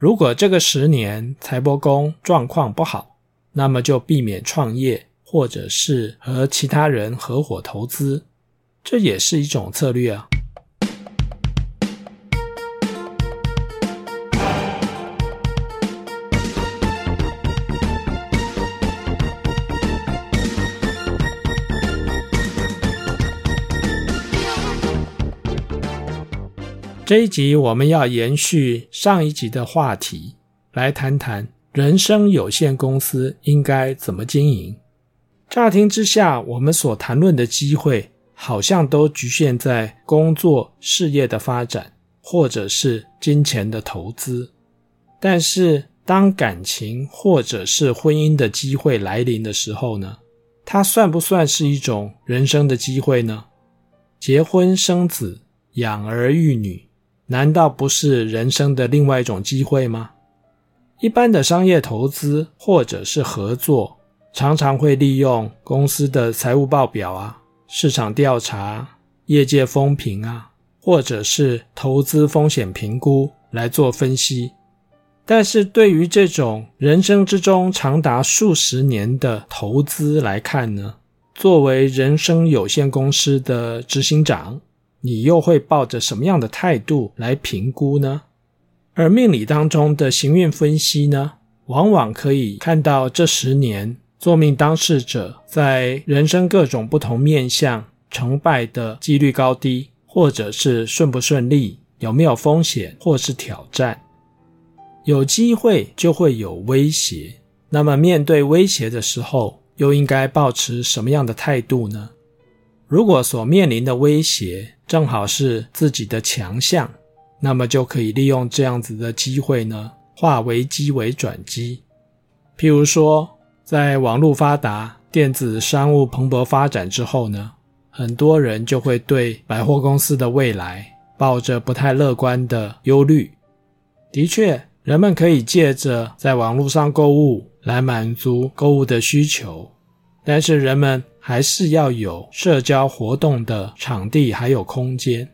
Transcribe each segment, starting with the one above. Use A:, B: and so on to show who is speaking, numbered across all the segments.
A: 如果這個十年財帛宮狀況不好，那麼就避免創業，或者是和其他人合夥投資，這也是一種策略啊。這一集我們要延續上一集的話題，來談談人生有限公司應該怎麼經營。乍聽之下，我們所談論的機會好像都局限在工作、事業的發展，或者是金錢的投資。但是，當感情或者是婚姻的機會來臨的時候呢，它算不算是一種人生的機會呢？結婚、生子、養兒育女。難道不是人生的另外一種機會嗎？一般的商業投資或者是合作，常常會利用公司的財務報表啊、市場調查、業界風評啊，或者是投資風險評估來做分析。但是對於這種人生之中長達數十年的投資來看呢，作為人生有限公司的執行長。你又會抱着什麼樣的態度來評估呢？而命理當中的行運分析呢，往往可以看到這十年坐命當事者在人生各種不同面向，成敗的幾率高低，或者是順不順利、有沒有風險或是挑戰。有機會就會有威脅，那麼面對威脅的時候，又應該抱持什麼樣的態度呢？如果所面臨的威脅正好是自己的強項，那麼就可以利用這樣子的機會呢，化危機為轉機。譬如說，在網絡發達、電子商務蓬勃發展之後呢，很多人就會對百貨公司的未來抱着不太樂觀的憂慮。的確，人們可以借着在網絡上購物來滿足購物的需求，但是人們，還是要有社交活動的場地，還有空間。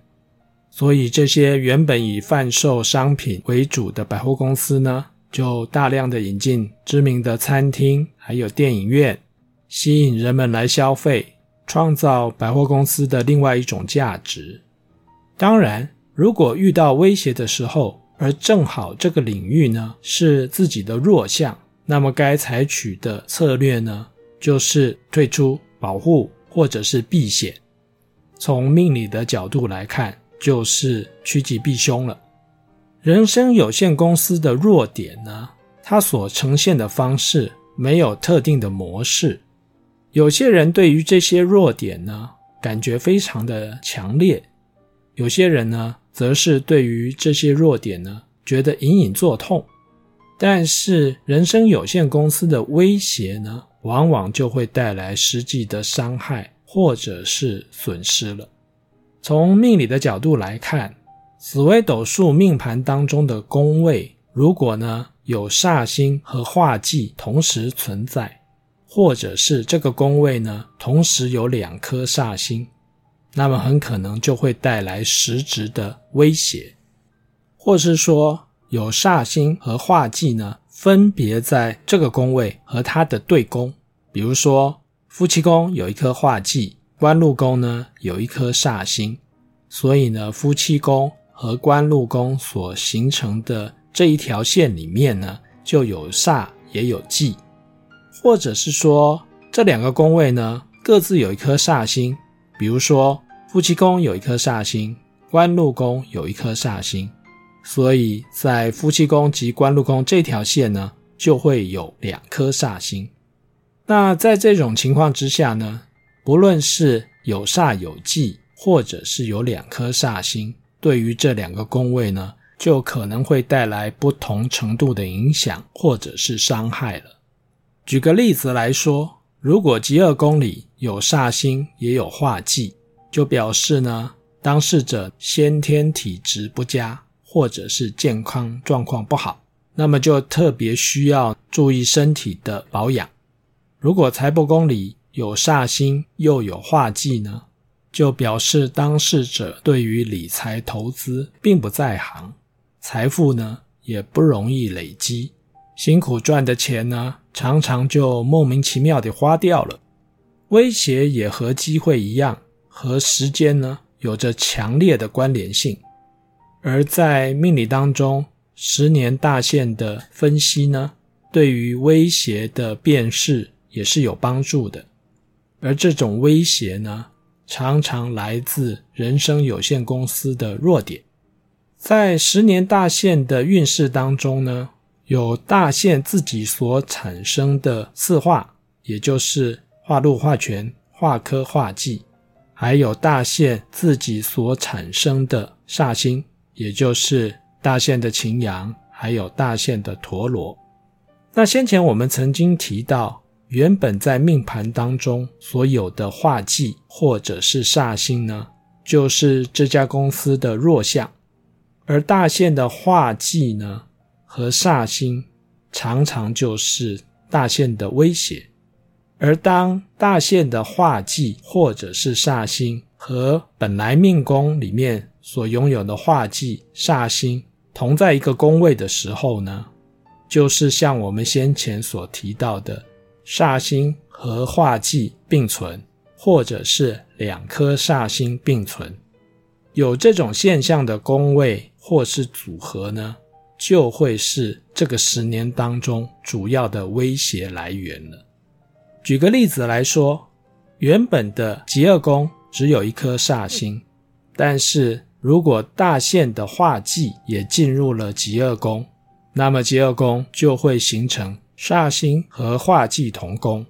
A: 所以，這些原本以販售商品為主的百貨公司呢，就大量的引進知名的餐廳，還有電影院，吸引人們來消費，創造百貨公司的另外一種價值。當然，如果遇到威脅的時候，而正好這個領域呢是自己的弱項，那麼該採取的策略呢，就是退出。保護或者是避險，從命理的角度來看，就是趨吉避凶了。人生有限公司的弱點呢，它所呈現的方式沒有特定的模式。有些人對於這些弱點呢，感覺非常的強烈；有些人呢，則是對於這些弱點呢，覺得隱隱作痛。但是，人生有限公司的威脅呢，往往就會帶來實際的傷害或者是損失了。從命理的角度來看，紫微斗數命盤當中的宮位，如果呢有煞星和化忌同時存在，或者是這個宮位呢同時有兩顆煞星，那麼很可能就會帶來實質的威脅，或是說，有煞星和化忌呢，分別在這個宮位和它的對宮，比如說夫妻宮有一顆化忌，官祿宮呢有一顆煞星，所以呢夫妻宮和官祿宮所形成的這一條線裡面呢就有煞也有忌，或者是說這兩個宮位呢各自有一顆煞星，比如說夫妻宮有一顆煞星，官祿宮有一顆煞星。所以在夫妻宮及官祿宮這條線呢，就會有兩顆煞星。那在這種情況之下呢，不論是有煞有忌，或者是有兩顆煞星，對於這兩個宮位呢，就可能會帶來不同程度的影響或者是傷害了。舉個例子來說，如果疾厄宮裡有煞星也有化忌，就表示呢，當事者先天體質不佳。或者是健康狀況不好，那麼就特別需要注意身體的保養。如果財帛宮裡有煞星又有化忌呢，就表示當事者對於理財投資並不在行，財富呢也不容易累積，辛苦賺的錢呢常常就莫名其妙的花掉了。威脅也和機會一樣，和時間呢有着強烈的關聯性。而在命理當中，十年大限的分析呢，對於威脅的辨識也是有幫助的。而這種威脅呢，常常來自人生有限公司的弱點。在十年大限的運勢當中呢，有大限自己所產生的四化，也就是化祿、化權、化科、化忌，還有大限自己所產生的煞星。也就是大限的擎羊，還有大限的陀羅。那先前我們曾經提到，原本在命盤當中所有的化忌或者是煞星呢，就是這家公司的弱項。而大限的化忌呢和煞星，常常就是大限的威脅。而當大限的化忌或者是煞星和本來命宮裡面，所擁有的化忌煞星同在一個宮位的時候呢，就是像我們先前所提到的煞星和化忌並存，或者是兩顆煞星並存，有這種現象的宮位或是組合呢，就會是這個十年當中主要的威脅來源了。舉個例子來說，原本的疾厄宮只有一顆煞星，但是。如果大限的化忌也進入了疾厄宮，那麼疾厄宮就會形成煞星和化忌同宮，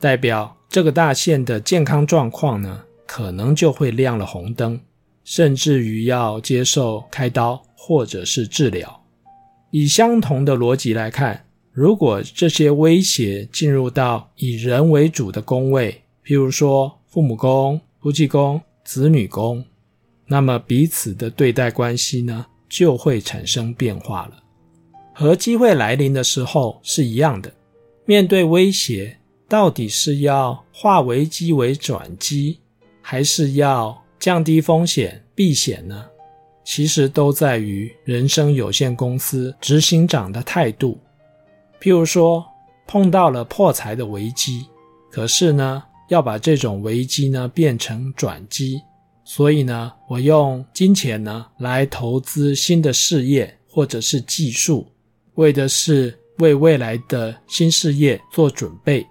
A: 代表這個大限的健康狀況呢，可能就會亮了紅燈，甚至於要接受開刀或者是治療。以相同的邏輯來看，如果這些威脅進入到以人為主的宮位，譬如說父母宮、夫妻宮、子女宮。那麼彼此的對待關係呢，就會產生變化了。和機會來臨的時候是一樣的。面對威脅，到底是要化危機為轉機，還是要降低風險避險呢？其實都在於人生有限公司執行長的態度。譬如說，碰到了破財的危機，可是呢，要把這種危機呢變成轉機。所以呢，我用金錢呢來投資新的事業或者是技術，為的是為未來的新事業做準備。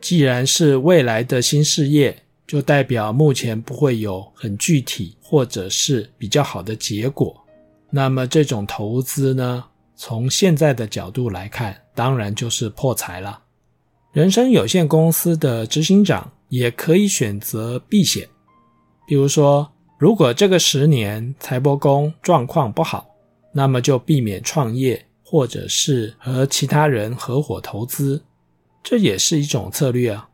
A: 既然是未來的新事業，就代表目前不會有很具體或者是比較好的結果。那麼這種投資呢，從現在的角度來看，當然就是破財了。人生有限公司的執行長也可以選擇避險。比如說，如果這個十年財帛宮狀況不好，那麼就避免創業，或者是和其他人合夥投資，這也是一種策略啊。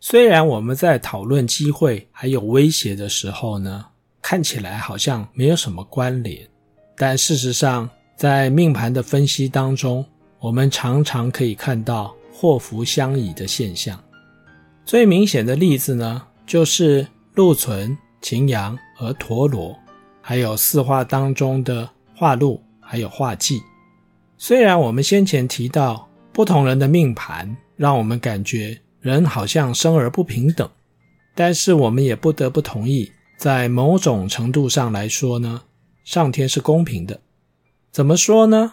A: 雖然我們在討論機會還有威脅的時候呢，看起來好像沒有什麼關聯，但事實上，在命盤的分析當中，我們常常可以看到禍福相倚的現象。最明顯的例子呢，就是。祿存、擎羊和陀羅，還有四化當中的化祿，還有化忌。雖然我們先前提到不同人的命盤讓我們感覺人好像生而不平等，但是我們也不得不同意，在某種程度上來說呢，上天是公平的。怎麼說呢？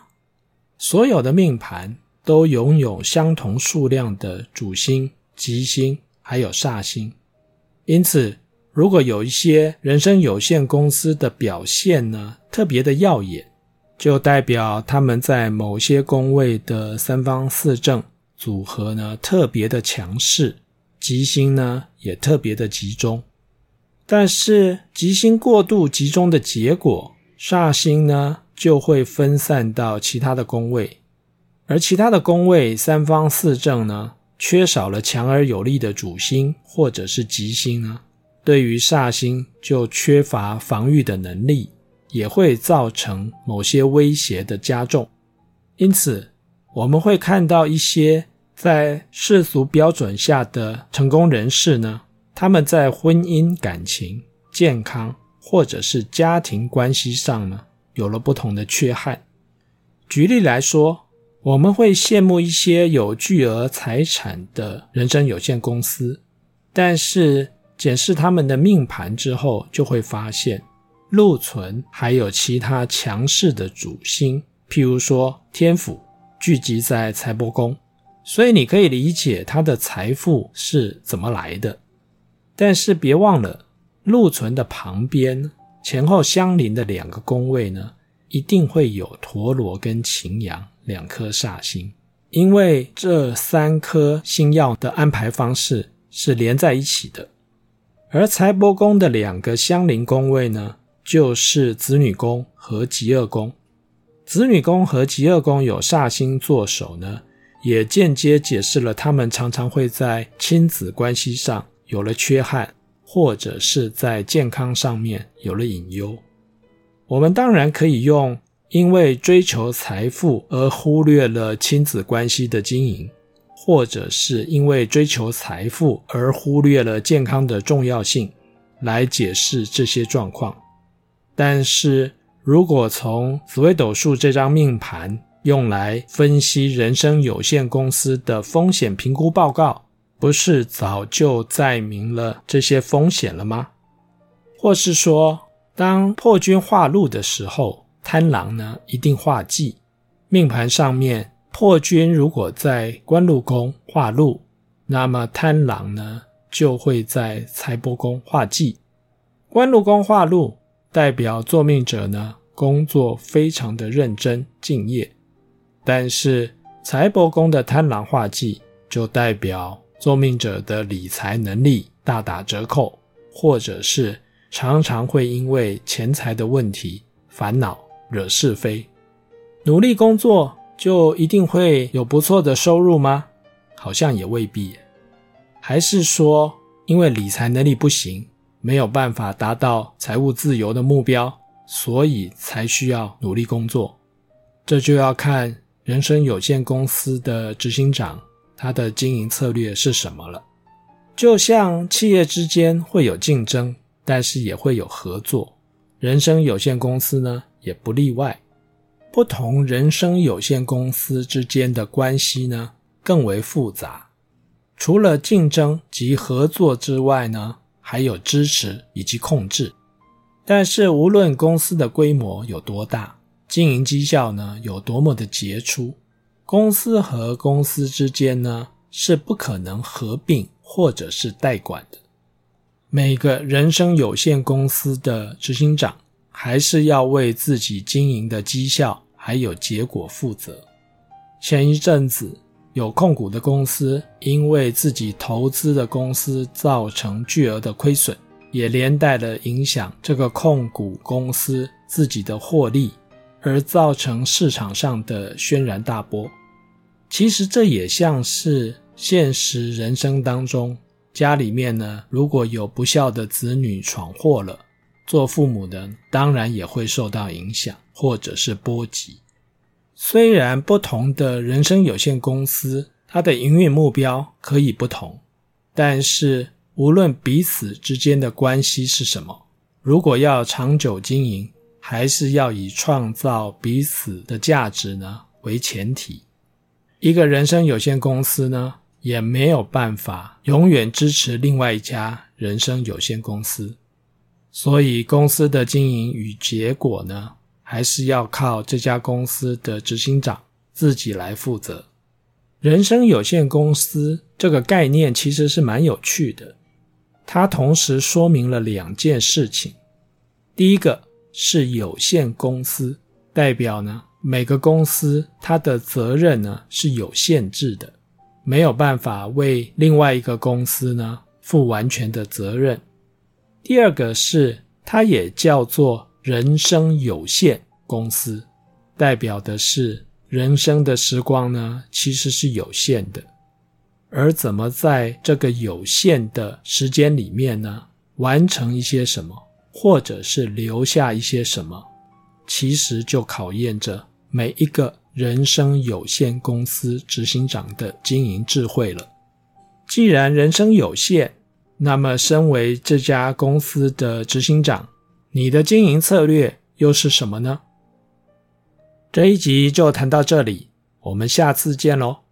A: 所有的命盤都擁有相同數量的主星、吉星，還有煞星，因此。如果有一些人生有限公司的表現呢，特別的耀眼，就代表他們在某些宮位的三方四正組合呢，特別的強勢，吉星呢，也特別的集中。但是吉星過度集中的結果，煞星呢，就會分散到其他的宮位，而其他的宮位三方四正呢，缺少了強而有力的主星或者是吉星呢。對於煞星就缺乏防禦的能力，也會造成某些威脅的加重。因此，我們會看到一些在世俗標準下的成功人士呢，他們在婚姻、感情、健康或者是家庭關係上呢，有了不同的缺憾。舉例來說，我們會羨慕一些有巨額財產的人生有限公司，但是，檢視他們的命盤之後，就會發現祿存還有其他強勢的主星，譬如說天府聚集在財帛宮，所以你可以理解他的財富是怎麼來的。但是別忘了，祿存的旁邊前後相鄰的兩個宮位呢，一定會有陀羅跟擎羊兩顆煞星，因為這三顆星曜的安排方式是連在一起的。而財帛宮的兩個相鄰宮位呢，就是子女宮和疾厄宮。子女宮和疾厄宮有煞星坐守呢，也間接解釋了他們常常會在親子關係上有了缺憾，或者是在健康上面有了隱憂。我們當然可以用因為追求財富而忽略了親子關係的經營。或者是因為追求財富而忽略了健康的重要性，來解釋這些狀況。但是如果從紫微斗數這張命盤，用來分析人生有限公司的風險評估報告，不是早就載明了這些風險了嗎？或是說，當破軍化祿的時候，貪狼呢一定化忌？命盤上面。破軍如果在官祿宮化祿，那麼貪狼呢就會在財帛宮化忌。官祿宮化祿代表坐命者呢工作非常的認真敬業，但是財帛宮的貪狼化忌就代表坐命者的理財能力大打折扣，或者是常常會因為錢財的問題煩惱、惹是非，努力工作就一定會有不錯的收入嗎？好像也未必。還是說，因為理財能力不行，沒有辦法達到財務自由的目標，所以才需要努力工作？這就要看人生有限公司的執行長，他的經營策略是什麼了。就像企業之間會有競爭，但是也會有合作。人生有限公司呢，也不例外。不同人生有限公司之間的關係呢，更為複雜。除了競爭及合作之外呢，還有支持以及控制。但是，無論公司的規模有多大，經營績效呢有多麼的傑出，公司和公司之間呢是不可能合併或者是代管的。每個人生有限公司的執行長，還是要為自己經營的績效，還有結果負責。前一陣子，有控股的公司因為自己投資的公司造成巨額的虧損，也連帶了影響這個控股公司自己的獲利，而造成市場上的軒然大波。其實這也像是現實人生當中，家裡面呢，如果有不孝的子女闖禍了，做父母的當然也會受到影響。或者是波及，雖然不同的人生有限公司，它的營運目標可以不同，但是無論彼此之間的關係是什麼，如果要長久經營，還是要以創造彼此的價值呢為前提。一個人生有限公司呢，也沒有辦法永遠支持另外一家人生有限公司，所以公司的經營與結果呢？還是要靠這家公司的執行長自己來負責。人生有限公司這個概念其實是蠻有趣的，它同時說明了兩件事情：第一個是有限公司代表呢，每個公司它的責任呢是有限制的，沒有辦法為另外一個公司呢負完全的責任；第二個是它也叫做。人生有限公司，代表的是人生的時光呢，其實是有限的。而怎麼在這個有限的時間裡面呢，完成一些什麼，或者是留下一些什麼，其實就考驗着每一個人生有限公司執行長的經營智慧了。既然人生有限，那麼身為這家公司的執行長，你的經營策略又是什麼呢？這一集就談到這裡，我們下次見嘍。